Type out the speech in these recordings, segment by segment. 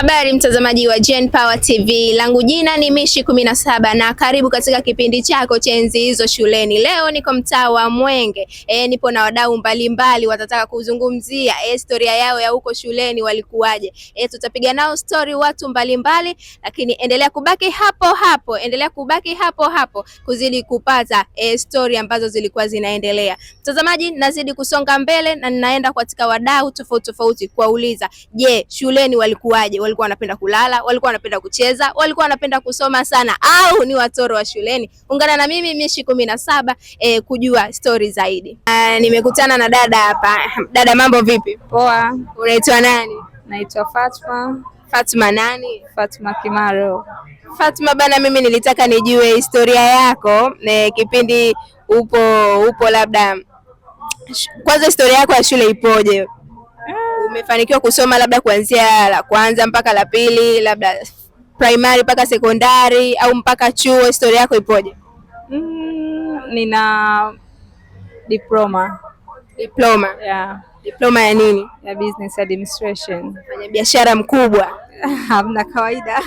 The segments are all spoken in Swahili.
Habari mtazamaji wa Gen Power TV, langu jina ni Mishi kumi na saba na karibu katika kipindi chako cha enzi hizo shuleni. Leo niko mtaa wa Mwenge e, nipo na wadau mbalimbali watataka kuzungumzia e, historia yao ya huko shuleni walikuwaje. E, tutapiga nao story watu mbalimbali mbali, lakini endelea kubaki hapo hapo, endelea kubaki hapo hapo kuzidi kupata e, story ambazo zilikuwa zinaendelea. Mtazamaji, nazidi kusonga mbele na ninaenda katika wadau tofauti tofauti kuwauliza, je, shuleni walikuwaje? walikuwa wanapenda kulala, walikuwa wanapenda kucheza, walikuwa wanapenda kusoma sana, au ni watoro wa shuleni? Ungana na mimi Mishi kumi na saba eh, kujua stori zaidi. Nimekutana na dada hapa. Dada, mambo vipi? Poa. Unaitwa nani? Naitwa Fatma. Fatma nani? Fatma Kimaro. Fatma bana, mimi nilitaka nijue historia yako ne, kipindi upo upo labda, kwanza historia yako ya shule ipoje? umefanikiwa kusoma labda kuanzia la kwanza mpaka la pili, labda primary mpaka sekondari au mpaka chuo, historia yako ipoje? Mm, nina diploma. Diploma yeah. Diploma ya nini? Ya business administration. Fanya biashara mkubwa hamna kawaida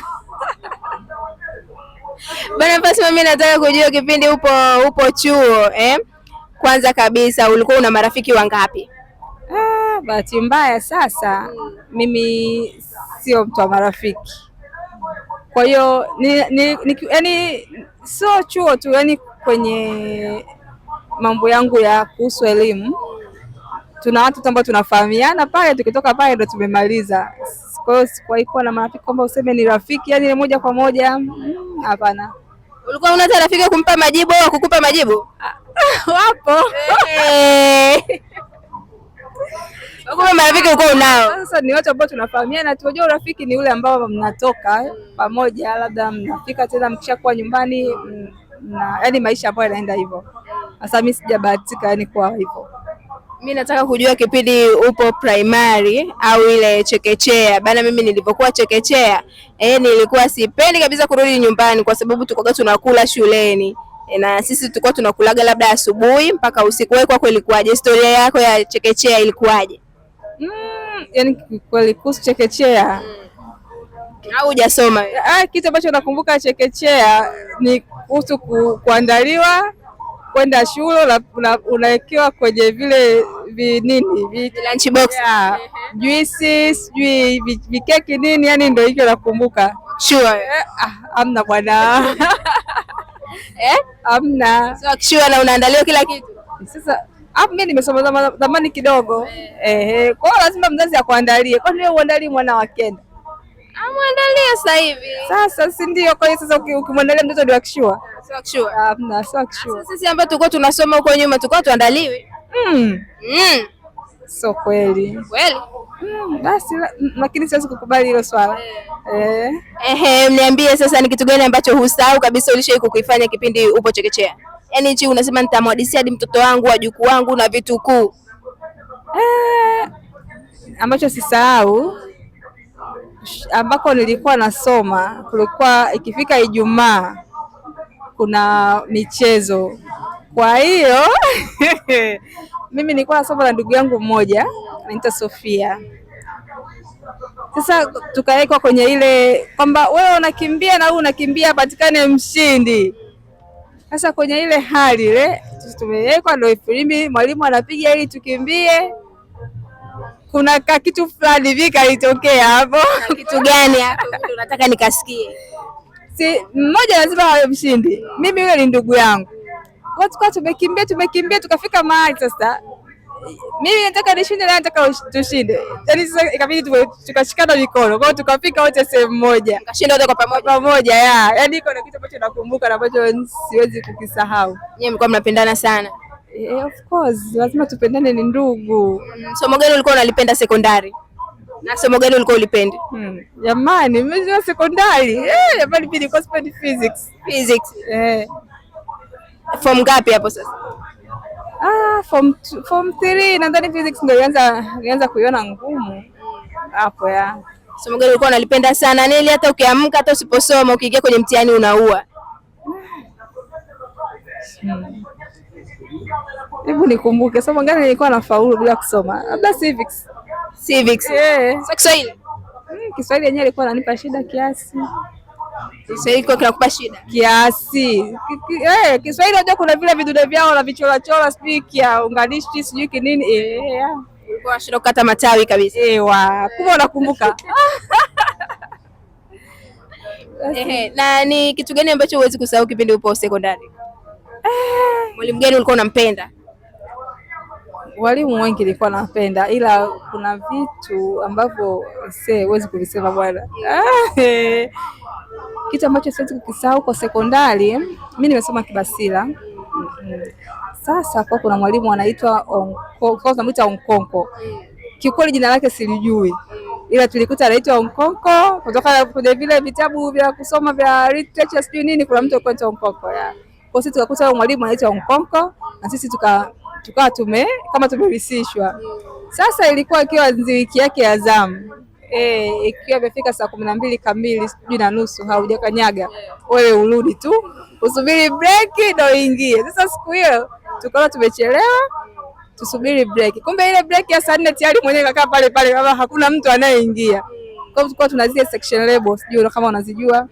Bana Fatma, mimi nataka kujua kipindi upo upo chuo eh? Kwanza kabisa ulikuwa una marafiki wangapi? Ah, bahati mbaya sasa mimi sio mtu wa marafiki, kwa hiyo ni, ni, ni, yani sio chuo tu, yani kwenye mambo yangu ya kuhusu elimu tuna watu ambao tunafahamiana pale, tukitoka pale ndo tumemaliza. Kwa hiyo sikuwahi kuwa na marafiki kwamba useme ni rafiki yani moja kwa moja, mm, hapana. Mm, ulikuwa una rafiki kumpa majibu au kukupa majibu? Wapo. Hey. Eh marafiki uko unao? Sasa ni watu ambao tunafahamiana, Unajua, urafiki ni ule ambao mnatoka pamoja, labda mnafika tena mkishakuwa nyumbani mm, na yani maisha ambayo yanaenda hivyo. Sasa mimi sijabahatika yani kuwa hivyo. Mimi nataka kujua kipindi upo primary au ile chekechea bana. Mimi nilipokuwa chekechea eh, nilikuwa sipendi kabisa kurudi nyumbani, kwa sababu tukoga tunakula shuleni Eh, na sisi tulikuwa tunakulaga labda asubuhi mpaka usiku. Wewe kwako ilikuwaje? historia yako ya chekechea ilikuwaje? Mm, yani kweli kuhusu chekechea mm, au hujasoma? Ah, kitu ambacho nakumbuka chekechea ni kuhusu kuandaliwa kwenda shule, unawekewa kwenye vile vi, lunch box, juisi, sijui vikeki nini, yani ndio hivyo nakumbuka. Sure. Eh, ah, amna bwana eh? amna. So akishiwa na unaandaliwa kila kitu. Sasa hapo ah, mimi nimesoma zamani kidogo eh, eh. Kwa hiyo lazima mzazi akuandalie, Kwa nini uandalie mwana wa wake amwandalie sasa hivi. Sasa si ndio? Kwa hiyo sasa ukimwandalia mtoto ndio akishua. Sio akishua. Amna, sio akishua. Sasa sisi ambao tulikuwa tunasoma huko nyuma tulikuwa tuandaliwi. Mm. Mm. So kweli. Kweli. Hmm, basi lakini siwezi kukubali hilo swala eh. Ehe, niambie sasa, ni kitu gani ambacho husahau kabisa ulishai kukifanya kipindi upo chekechea? Yaani hichi unasema nitamwadisia hadi mtoto wangu wajukuu wangu na vitu kuu eh, ambacho sisahau ambako nilikuwa nasoma, kulikuwa ikifika Ijumaa kuna michezo, kwa hiyo mimi nilikuwa nasoma na ndugu yangu mmoja naitwa Sofia. Sasa tukawekwa kwenye ile kwamba wewe unakimbia na wewe unakimbia, patikane mshindi. Sasa kwenye ile hali ile tumewekwa, ndio filimbi, mwalimu anapiga ili tukimbie kuna ka kitu fulani hivi kalitokea hapo. Kitu gani hapo? Unataka nikasikie? Si mmoja lazima awe mshindi, mimi yule ni ndugu yangu. Kwa tumekimbia tumekimbia, tukafika mahali sasa mimi nataka nishinde na nataka tushinde, yaani sasa ikabidi tukashikana mikono kwao, tukafika wote sehemu moja, tukashinda wote kwa pamoja pamoja. Ya yaani iko na kitu ambacho nakumbuka na ambacho siwezi kukisahau. Yeye mlikuwa mnapendana sana? Eh, of course lazima tupendane, ni ndugu. Mm, somo gani ulikuwa unalipenda sekondari? Na somo gani ulikuwa ulipenda? Hmm. Jamani, hmm. Mimi sekondari eh, jamani, mimi nilikuwa sipendi physics. Physics. Eh. Form ngapi hapo sasa? Ah, form form 3 nadhani physics ndio ilianza ilianza kuiona ngumu hapo ya. Somo gani ulikuwa unalipenda sana? Nili hata ukiamka hata usiposoma ukiingia kwenye mtihani unaua. Hmm. Hebu hmm, nikumbuke somo gani nilikuwa faulu bila kusoma? Labda civics. Civics. Yeah. So Kiswahili. Hmm, Kiswahili yenyewe ilikuwa inanipa shida kiasi. Kiswahili kwa kinakupa shida kiasi. Eh, Kiswahili unajua kuna vile vidude vyao na vichora chora, sijui kia unganishi sijui kinini eh, yeah. Eh, ulikuwa shida kukata matawi kabisa. Eh, wa. Kumbe unakumbuka. Ehe, na ni kitu gani ambacho huwezi kusahau kipindi upo sekondari? Eh. Mwalimu gani ulikuwa unampenda? Walimu wengi nilikuwa nampenda ila kuna vitu ambavyo se huwezi kuvisema bwana. Eh. Ah, kitu ambacho siwezi kukisahau kwa sekondari, mimi nimesoma Kibasila. Sasa kwa kuna mwalimu anaitwa Onkonko, tunamuita Onkonko. Kikweli jina lake silijui, ila tulikuta anaitwa Onkonko kutoka kwenye vile vitabu vya kusoma vya literature sijui nini, kuna mtu anaitwa Onkonko ya kwa sisi tukakuta huyo mwalimu anaitwa Onkonko na sisi tuka tukawa tume kama tumerisishwa. Sasa ilikuwa ikiwa wiki yake ya zamu eh, ikiwa imefika saa kumi na mbili kamili sijui na nusu haujakanyaga wewe, urudi tu usubiri break ndio ingie. Sasa siku hiyo tukaona tumechelewa, tusubiri break. kumbe ile break ya saa nne tayari mwenyewe kakaa pale pale, kama hakuna mtu anayeingia. Kwa hiyo tuna zile section label, sijui kama unazijua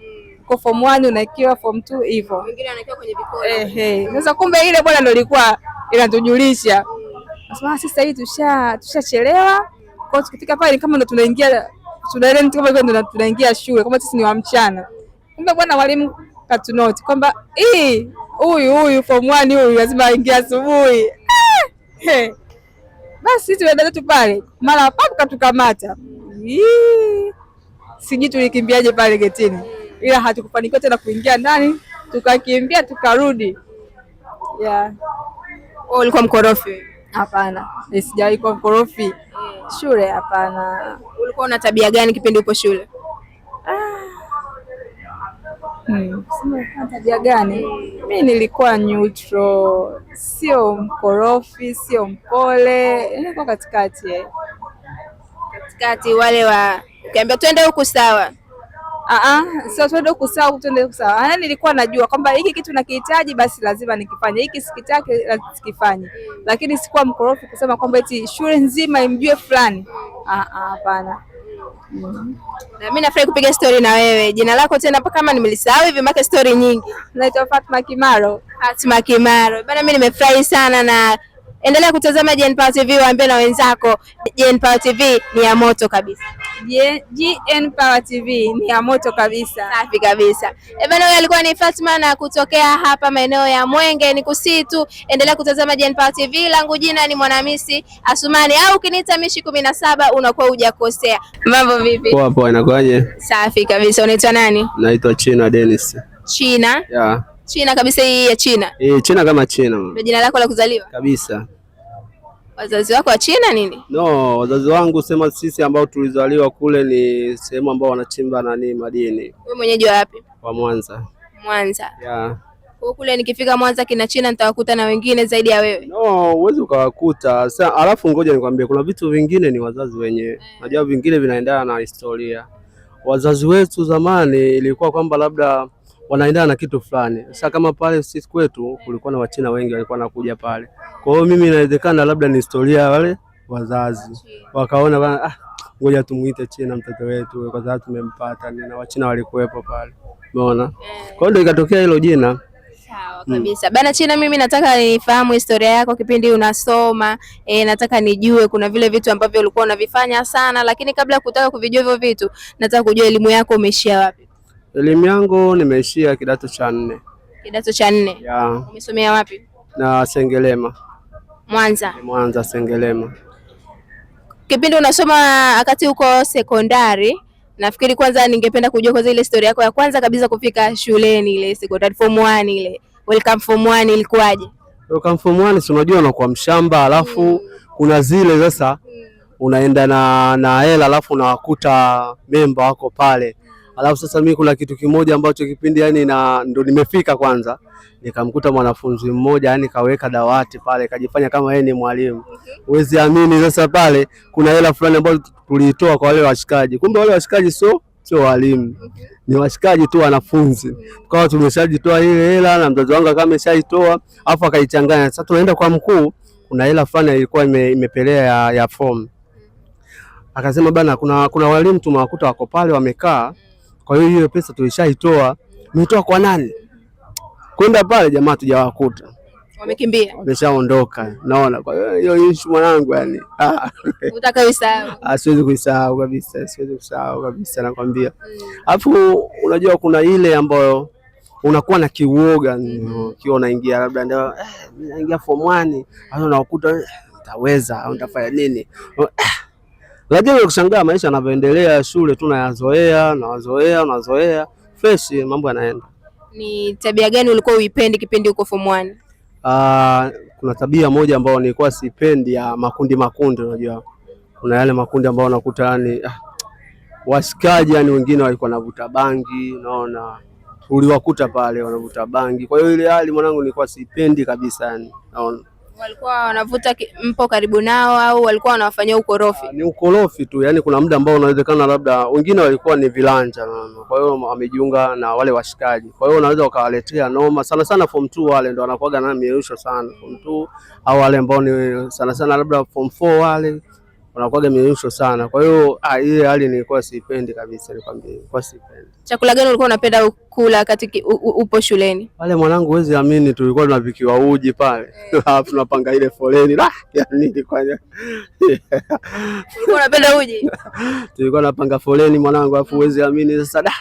kwa form 1 unaikiwa form 2 hivyo, mwingine anaikiwa kwenye vikolo ehe. Sasa kumbe ile bwana ndio ilikuwa inatujulisha ah, sasa, hii tusha tushachelewa kwa tukifika pale kama ndo tunaingia tunaelewa kama ndo tunaingia shule kama sisi ni wa mchana. Kumbe bwana mwalimu katunoti kwamba eh, huyu huyu form 1 huyu lazima aingie asubuhi. Ah, eh. Basi sisi tunaenda zetu pale, mara papo katukamata. Sijui tulikimbiaje pale getini, ila hatukufanikiwa tena kuingia ndani, tukakimbia tukarudi. Yeah. Oh, Ulikuwa mkorofi. Hapana, sijawahi kuwa mkorofi shule, hapana. Ulikuwa una tabia gani kipindi upo shule? Ah, hmm. Tabia gani? Mi nilikuwa neutral, sio mkorofi, sio mpole, nilikuwa katikati. Eh. Katikati wale wa ukiambia twende huku sawa Ah ah, sio twende kusahau, twende kusahau. Yaani nilikuwa najua kwamba hiki kitu nakihitaji basi lazima nikifanye. Hiki sikitaki sikifanye. Lakini sikuwa mkorofi kusema kwamba eti shule nzima imjue fulani. Ah ah, hapana. Mm-hmm. Na mimi nafurahi kupiga stori na wewe. Jina lako tena hapa kama nimelisahau hivi make stori nyingi. Naitwa Fatma Kimaro. Fatma Kimaro. Bana mimi nimefurahi sana na Endelea kutazama GenPower TV, waambie na wenzako, GenPower TV ni ya moto kabisa. GenPower TV ni ya moto kabisa. Safi kabisa. Ebana, huyo alikuwa ni Fatma na kutokea hapa maeneo ya Mwenge. Ni kusii tu endelea kutazama GenPower TV, langu jina ni Mwanamisi Asumani au ukiniita Mishi kumi na saba unakuwa hujakosea. Mambo vipi? Poa poa, inakuwaje? Safi kabisa. Unaitwa nani? Naitwa China Dennis. China? Yeah. China kabisa hii ya China. Eh, China kama China. Ndio jina lako la kuzaliwa? Kabisa. Wazazi wako wa China nini? No, wazazi wangu sema sisi ambao tulizaliwa kule ni sehemu ambao wanachimba nani madini. Wewe mwenyeji wa wapi? Wa Mwanza. Mwanza. Yeah. Kwa kule nikifika Mwanza kina China nitawakuta na wengine zaidi ya wewe. No, huwezi ukawakuta. Sasa alafu ngoja nikwambie kuna vitu vingine ni wazazi wenyewe. Yeah. Najua vingine vinaendana na historia. Wazazi wetu zamani ilikuwa kwamba labda wanaendana na kitu fulani. Sasa kama pale sisi kwetu kulikuwa na Wachina wengi walikuwa nakuja pale, kwa hiyo mimi inawezekana labda ni historia wale wazazi wakaona bana, ah, ngoja tumuite China mtoto wetu, kwa sababu tumempata ni na Wachina walikuwepo pale, umeona. Eh. Kwa hiyo ndio ikatokea hilo jina. Sawa mm. kabisa. Hmm. Bana China, mimi nataka nifahamu historia yako kipindi unasoma. E, nataka nijue kuna vile vitu ambavyo ulikuwa unavifanya sana, lakini kabla ya kutaka kuvijua hivyo vitu, nataka kujua elimu yako umeishia wapi? Elimu yangu nimeishia kidato cha nne. Kidato cha nne. Umesomea wapi? Na Sengelema. Mwanza. Mwanza Sengelema. Kipindi unasoma wakati huko sekondari, nafikiri kwanza ningependa kujua kwanza ile historia yako ya kwanza kabisa kufika shuleni ile sekondari form 1 ile. Welcome form 1 ilikuwaje? Welcome form 1 si unajua unakuwa mshamba alafu mm. kuna zile sasa mm. unaenda na na hela alafu unawakuta memba wako pale Alafu sasa mimi kuna kitu kimoja ambacho kipindi yani na ndo nimefika kwanza, nikamkuta mwanafunzi mmoja yani kaweka dawati pale kajifanya kama yeye ni mwalimu. Uwezi amini, sasa pale kuna hela fulani ambayo tuliitoa kwa wale washikaji, kumbe wale washikaji sio sio walimu, ni washikaji tu wanafunzi. Tukawa tumeshajitoa ile hela na mzazi wangu kama ameshaitoa, afu akaichanganya. Sasa tunaenda kwa mkuu, kuna hela fulani ilikuwa ime, imepelea ya, ya form akasema bana, kuna, kuna walimu tumewakuta wako pale wamekaa kwa hiyo hiyo pesa tulishaitoa. umetoa kwa nani? Kwenda pale jamaa tujawakuta. Wamekimbia. Wameshaondoka. Naona. Kwa hiyo hiyo issue mwanangu yani. Ah. Utakaisahau. Ah, siwezi kuisahau kabisa. Siwezi kusahau kabisa nakwambia. Mm. Alafu unajua kuna ile ambayo unakuwa na kiuoga mm, mm-hmm. ukiwa unaingia labda ndio eh, naingia form 1 au unakuta eh, nitaweza au nitafanya nini? Eh, lakini ukishangaa maisha yanavyoendelea, shule tunayazoea, nawazoea, wazoea, fresh, mambo yanaenda. Ni tabia gani ulikuwa uipendi kipindi uko form 1? Ah, kuna tabia moja ambayo nilikuwa sipendi ya makundi makundi, unajua kuna yale makundi ambayo unakuta yani ah, wasikaji yani wengine walikuwa wanavuta bangi, unaona uliwakuta pale wanavuta bangi. Kwa hiyo ile hali mwanangu nilikuwa siipendi kabisa yani, naona walikuwa wanavuta mpo karibu nao au walikuwa wanawafanyia ukorofi? Ah, ni ukorofi tu, yani kuna muda ambao unawezekana labda wengine walikuwa ni vilanja, kwa hiyo wamejiunga na wale washikaji, kwa hiyo wanaweza wakawaletea noma sana sana. Form 2 wale ndo wanakuwaga na mierusho sana, form 2 au wale ambao ni sana sana labda form 4 wale wanakuwaga mionyesho sana. Kwa hiyo ah, ile hali nilikuwa siipendi kabisa, nikwambie, nilikuwa siipendi. Chakula gani ulikuwa unapenda kula wakati upo shuleni pale? Mwanangu, huwezi amini, tulikuwa tunapikiwa uji pale hey. Eh. tunapanga ile foleni ah, unapenda uji tulikuwa tunapanga foleni mwanangu, alafu huwezi amini sasa da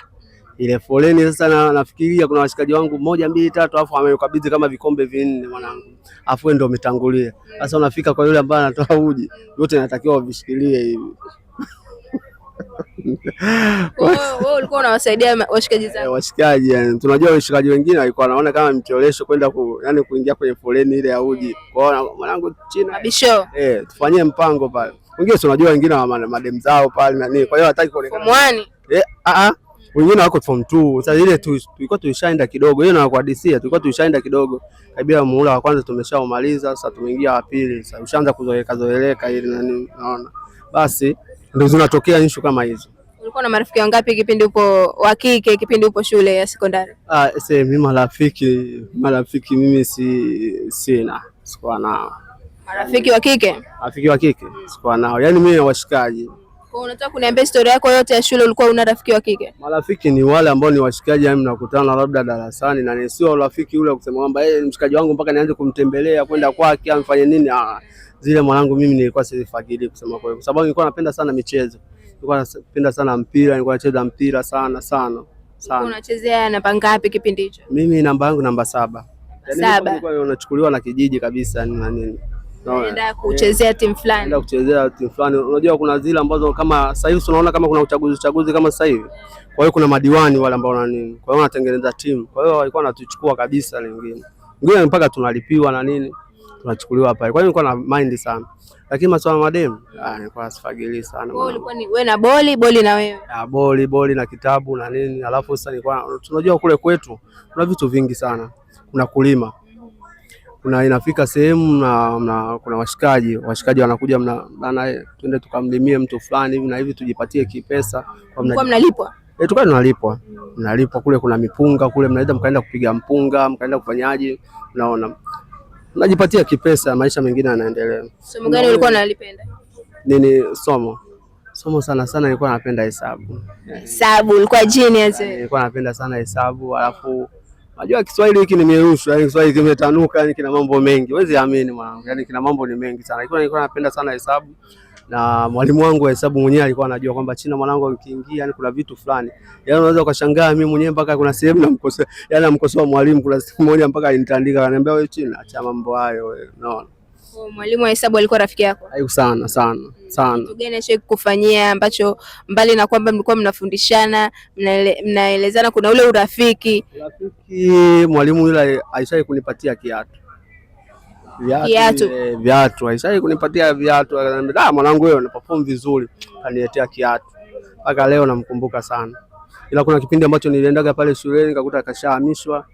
ile foleni sasa na, nafikiria kuna washikaji wangu moja mbili tatu, afu amekabidhi kama vikombe vinne mwanangu, afu ndio umetangulia. Sasa unafika kwa yule ambaye anatoa uji, yote inatakiwa uvishikilie hivi. Wewe ulikuwa unawasaidia washikaji eh, zangu, washikaji yani, eh, tunajua washikaji wengine walikuwa wanaona kama mcholesho kwenda ku, yani kuingia kwenye foleni ile ya uji. Kwa hiyo mwanangu China abisho, eh, tufanyie mpango pale. Wengine tunajua wengine wa mademu zao pale na nini, kwa hiyo hataki kuonekana mwani eh, a ah, a ah wengine wako form 2. Sasa ile tu tulikuwa tulishaenda kidogo, hiyo na kwa DC tulikuwa tulishaenda kidogo, kabila muhula wa kwanza tumeshaumaliza, sasa tumeingia wa pili, sasa ushaanza kuzoeleka zoeleka ile nani, naona basi ndio zinatokea issue kama hizo. Ulikuwa na marafiki wangapi kipindi upo wa kike, kipindi upo shule ya sekondari? Ah, sasa mimi marafiki marafiki mimi si sina, sikuwa nao marafiki wa kike, marafiki wa kike sikuwa nao, yani mimi washikaji kwa unataka kuniambia historia yako yote ya shule, ulikuwa una rafiki wa kike? Marafiki ni wale ambao ni washikaji, yaani mnakutana labda darasani, na sio urafiki ule kusema kwamba yeye eh, ni mshikaji wangu mpaka nianze kumtembelea kwenda kwake amfanye nini. Ah, zile mwanangu mimi nilikuwa sizifadhili kusema kweli, kwa sababu nilikuwa napenda sana michezo, nilikuwa napenda sana mpira, nilikuwa nacheza mpira sana sana sana. Unachezea namba ngapi kipindi hicho? Mimi namba yangu namba saba, yaani nilikuwa nachukuliwa na kijiji kabisa na nini naenda eh. kuchezea timu fulani, naenda kuchezea timu fulani. Unajua kuna zile ambazo kama sasa hivi tunaona kama kuna uchaguzi uchaguzi kama sasa hivi, kwa hiyo kuna madiwani wale ambao na nini, kwa hiyo wanatengeneza timu, kwa hiyo walikuwa wanatuchukua kabisa, lingine ngine mpaka tunalipiwa na nini tunachukuliwa pale. Kwa hiyo nilikuwa na mind sana, lakini masuala mademu ah, nilikuwa sifagili sana. Wewe ulikuwa ni wewe na boli boli na wewe ah, boli boli na kitabu na nini, alafu sasa nilikuwa tunajua kule kwetu kuna vitu vingi sana, kuna kulima kuna inafika sehemu na kuna washikaji washikaji wanakuja, mna bana, twende tukamlimie mtu fulani hivi na hivi tujipatie kipesa, kwa mnalipwa eh, tukawa tunalipwa, mnalipwa kule. Kuna mipunga kule, mnaweza mkaenda kupiga mpunga, mkaenda kufanyaje, naona mnajipatia kipesa, maisha mengine yanaendelea. Somo gani ulikuwa unalipenda? Nini somo somo sana sana nilikuwa napenda hesabu. Hesabu ulikuwa genius wewe? Nilikuwa napenda sana hesabu alafu Unajua Kiswahili hiki nimerushwa, yani Kiswahili kimetanuka, yani kina mambo mengi. Huwezi amini mwanangu. Yani kina mambo ni mengi sana. Ikiwa nilikuwa napenda sana hesabu na mwalimu wangu wa hesabu mwenyewe alikuwa anajua kwamba China mwanangu ukiingia, yani kuna vitu fulani. Yani unaweza ukashangaa mimi mwenyewe mpaka kuna sehemu namkosea, yani namkosoa mwalimu kuna siku moja mpaka alinitandika ananiambia wewe China acha mambo hayo wewe. Unaona? Mwalimu wa hesabu alikuwa rafiki yako? Aibu sana sana. Kitu gani ashawai kukufanyia ambacho mbali na kwamba mlikuwa mnafundishana mnaelezana, kuna ule urafiki? rafiki mwalimu yule aishai kunipatia kiatu viatu eh, viatu, aishai kunipatia viatu, akaniambia ah, mwanangu wewe una perform vizuri, kaniletea kiatu. Mpaka leo namkumbuka sana, ila kuna kipindi ambacho niliendaga pale shuleni nikakuta akashahamishwa,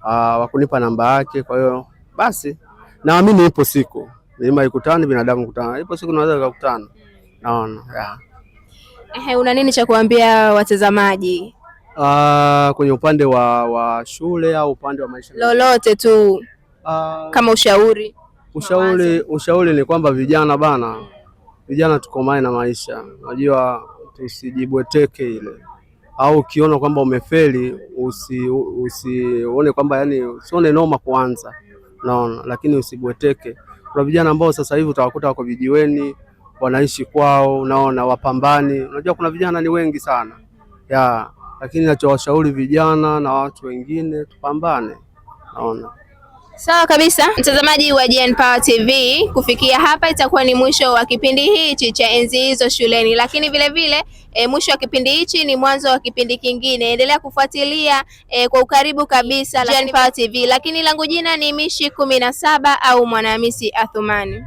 ah, wakunipa namba yake. Kwa hiyo basi naamini ipo siku milima ikutani, binadamu kutana, ipo siku naweza kukutana. Naona yeah. Ehe, una nini cha kuambia watazamaji uh, kwenye upande wa, wa shule au upande wa maisha lolote tu uh, kama ushauri ushauri mawazo. Ushauri ni kwamba vijana bana, vijana tukomae na maisha, unajua tusijibweteke ile au ukiona kwamba umefeli usione usi, kwamba yani usione noma kwanza, naona lakini usibweteke. Kuna vijana ambao sasa hivi utawakuta wako vijiweni wanaishi kwao, unaona wapambani. Unajua kuna vijana ni wengi sana ya, lakini nachowashauri vijana na watu wengine tupambane, naona Sawa kabisa, mtazamaji wa Gen Power TV, kufikia hapa itakuwa ni mwisho wa kipindi hichi cha enzi hizo shuleni, lakini vile vile E, mwisho wa kipindi hichi ni mwanzo wa kipindi kingine. Endelea kufuatilia e, kwa ukaribu kabisa Gen Power TV, lakini langu jina ni Mishi kumi na saba au Mwanahamisi Athumani.